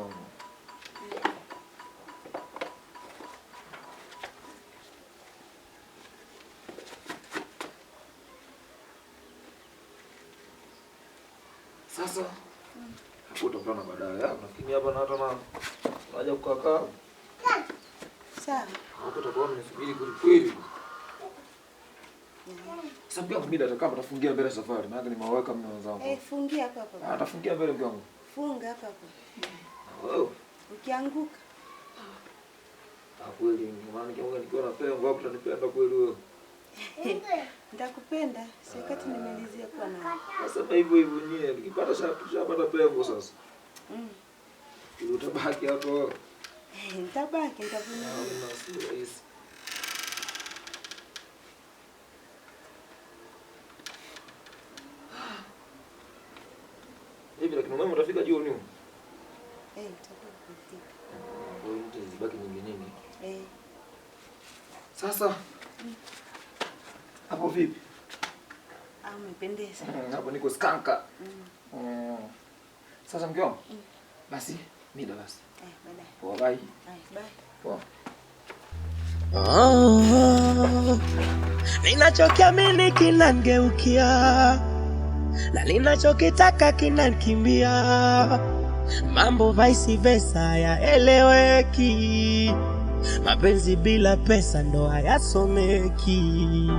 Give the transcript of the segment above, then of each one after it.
Kigongo. Sasa utakuwa na badala yako, lakini hapa na hata na unaja kukaa kaa. Sawa. Hapo utakuwa mnisubiri kweli kweli. Sasa pia kumida atakama atafungia mbele safari, maana nimewaweka mimi wenzangu. Eh, fungia hapa hapa. Atafungia ah, mbele mwangu. Funga hapa hapa oh. Ukianguka ah, kweli, nikiwa napendwa utanipenda kweli wewe? Nitakupenda sikati nimalizia kuwa nawe. Ah, nasema hivyo hivyo, nyie nikipata shapata pengo sasa. Mm. Utabaki hapo. Nitabaki, nitavumilia. Ah, Hivi lakini mama utafika jioni huko? Eh, eh. Sasa mm. hapo vipi? Ah, umependeza mm, hapo, niko skanka. Mm. Sasa mke wangu, basi mida basi, eh, bye bye. Oh, ninachokiamini kinangeukia na ninachokitaka kinankimbia mambo vice versa yaeleweki, mapenzi bila pesa ndo hayasomeki.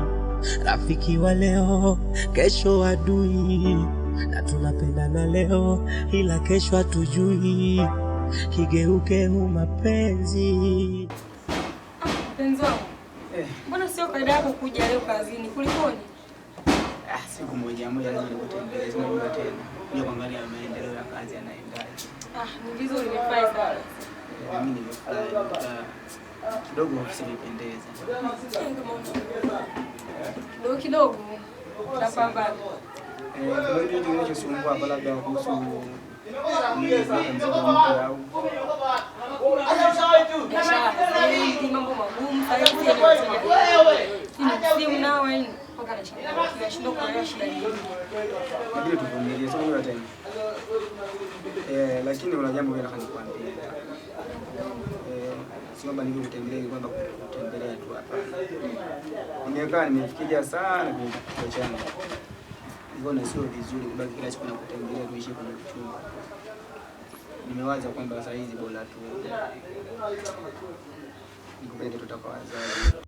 Rafiki wa leo kesho adui, na tunapendana leo ila kesho hatujui, kigeuke hu mapenzi. Mpenzi wangu, mbona sio kaida yako kuja leo kazini, kulikoni? Ah, siku moja moja lazima nikutembee, lazima tena ndio kuangalia maendeleo ya kazi yanayo Ah, kidogo, usinipendeze kidogo eh, kidogo, tapambana. Kitu hapa labda kuhusu mambo magumu simu nao tunashinda yaani, kuelewa shida eh, lakini kuna jambo mimi nataka nikwambie eh, siomba niko kwamba kutembelea tu hapa. Nimekaa nimefikiria sana kwenye kichwa changu, nikaona sio vizuri kubaki kila siku nakutembelea tuishi kwenye chumba. Nimewaza kwamba saa hizi bora tu nikupeleke tutaka wazazi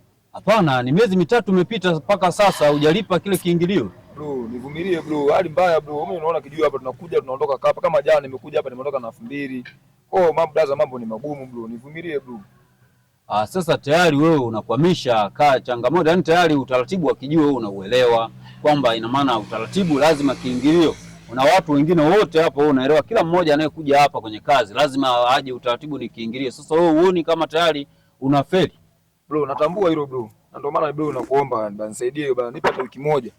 Hapana, ni miezi mitatu imepita mpaka sasa hujalipa kile kiingilio. Bro, nivumilie bro, hali mbaya bro. Mimi unaona kijui hapa tunakuja tunaondoka hapa kama jana nimekuja hapa nimeondoka na 2000. mbili. Oh, mambo daza mambo ni magumu bro. Nivumilie bro. Ah, sasa tayari wewe unakwamisha kaa changamoto, yaani tayari utaratibu wa kijui wewe unauelewa kwamba ina maana utaratibu lazima kiingilio Una watu wengine wote hapo wewe unaelewa, kila mmoja anayekuja hapa kwenye kazi lazima aje, utaratibu ni kiingilio. Sasa wewe uone kama tayari unafeli? Bro, natambua hilo bro. Na ndio maana bro nakuomba bana nisaidie bana nipe hata wiki moja.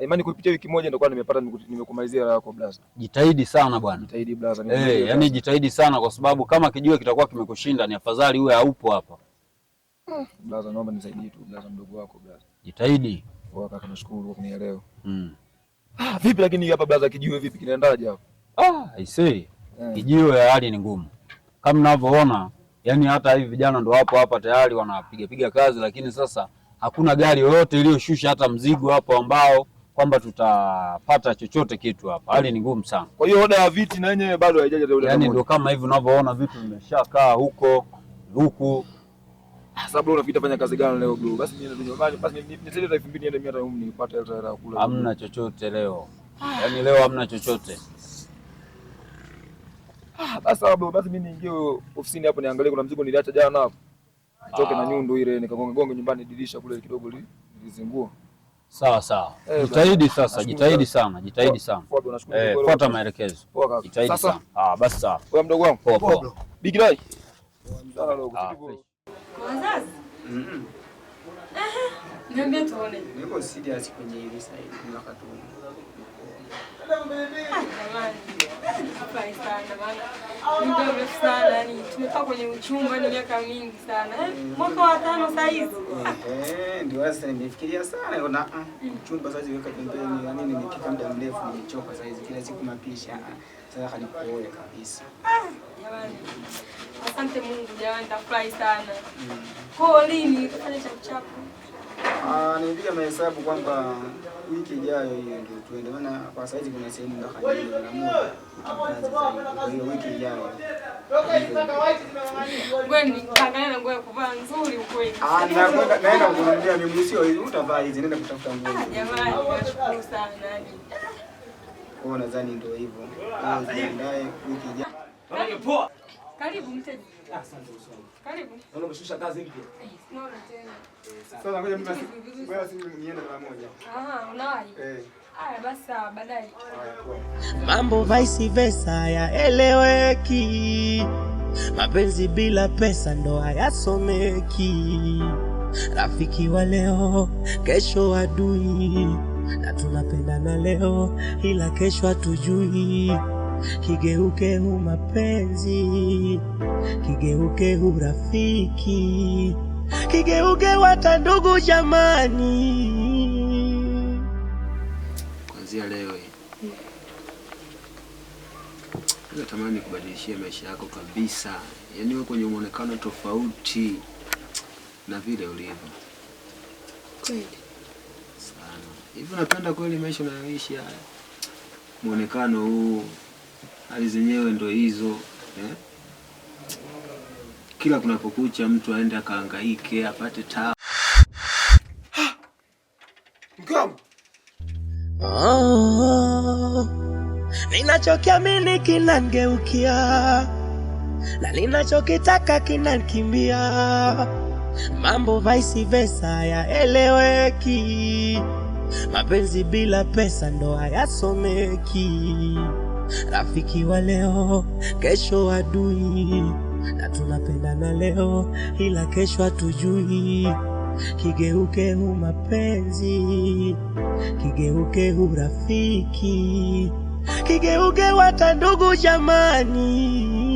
Imani kupitia wiki moja ndio kwa nimepata nimekumalizia raha yako blaza. Jitahidi sana bwana. Jitahidi blaza. Eh, hey, yani jitahidi sana kwa sababu kama kijue kitakuwa kimekushinda ni afadhali uwe haupo hapa. Hmm. Blaza, naomba nisaidie tu blaza mdogo wako blaza. Jitahidi. Kwa kaka nashukuru kwa kunielewa. Mm. Ah, vipi lakini hapa blaza kijiwe vipi kinaendaje hapa? Ah, I see. Yeah. Kijiwe hali ni ngumu. Kama mnavyoona Yaani hata hivi vijana ndo wapo hapa tayari wanapiga piga kazi, lakini sasa hakuna gari yoyote iliyoshusha hata mzigo hapo ambao kwamba tutapata chochote kitu hapa. Hali ni ngumu sana. Kwa hiyo oda ya viti na yenyewe bado haijaja ile. Yaani ndio kama hivi unavyoona vitu vimeshakaa huko huku. Ah, sababu unapita fanya kazi gani leo bro? Basi basi niende hela kula. Hamna chochote leo. Yaani leo hamna chochote. Ah, basi bro, basi mimi niingie ofisini hapo niangalie kuna mzigo niliacha jana hapo. Nitoke na ah. nyundo ile nikagonga gonga nyumbani dirisha kule kidogo lizingua Sawa sawa. Eh, jitahidi sasa, jitahidi sana, jitahidi sana. Eh, fuata maelekezo. Jitahidi sana. Ah, basi sawa. Wewe mdogo wangu. Poa poa. Big Dai. Sana dogo. Mwanzazi. Mhm. niambie tuone. Niko serious kwenye hili sasa hivi wakati huu. Ah, tumefurahi sana maana muda mrefu sana yani tumekaa kwenye uchumba ni miaka mingi sana eh, mwaka wa tano saa ndio sasa nimefikiria sana na ah, mm. uchumba sasa weka pembeni, yani nimepika muda mrefu nimechoka saa kila siku mapisha. Ah, sasa halikuoe kabisa. Ah, Asante Mungu jamani, nitafurahi sana. Mm. Kwa lini utafanya chapu Ah, nimepiga mahesabu kwamba wiki ijayo hiyo ndio tuende, maana kwa sasa hizi kuna sehemu hiyo wiki ijayo hivi, kutafuta nguo. Ah, kwa nadhani ndio hivyo, wiki ijayo. Karibu mteja. Ah, asante Karibu. Naona umeshusha eh, Naona tena. Sasa ngoja mimi niende mara moja. Ah, unawahi? Eh. Ah, Mambo vice versa yaeleweki. Mapenzi bila pesa ndo hayasomeki. Rafiki wa leo, kesho adui. Na tunapendana leo ila kesho hatujui kigeuke hu mapenzi, kigeuke urafiki, kigeuke hata ndugu, jamani. Kuanzia leo natamani kubadilishia maisha yako kabisa, yaani wewe kwenye muonekano tofauti na vile ulivyo. Kweli sana hivi, napenda kweli maisha unayoishi haya, muonekano huu hali zenyewe ndo hizo eh? Kila kunapokucha mtu aende akahangaike apate taa oh, ninachokiamini kinangeukia na ninachokitaka kinankimbia, mambo vice versa yaeleweki, mapenzi bila pesa ndo hayasomeki rafiki wa leo, kesho adui, na tunapendana leo ila kesho hatujui. Kigeuke hu mapenzi, kigeuke hu rafiki, kigeuke hata ndugu jamani.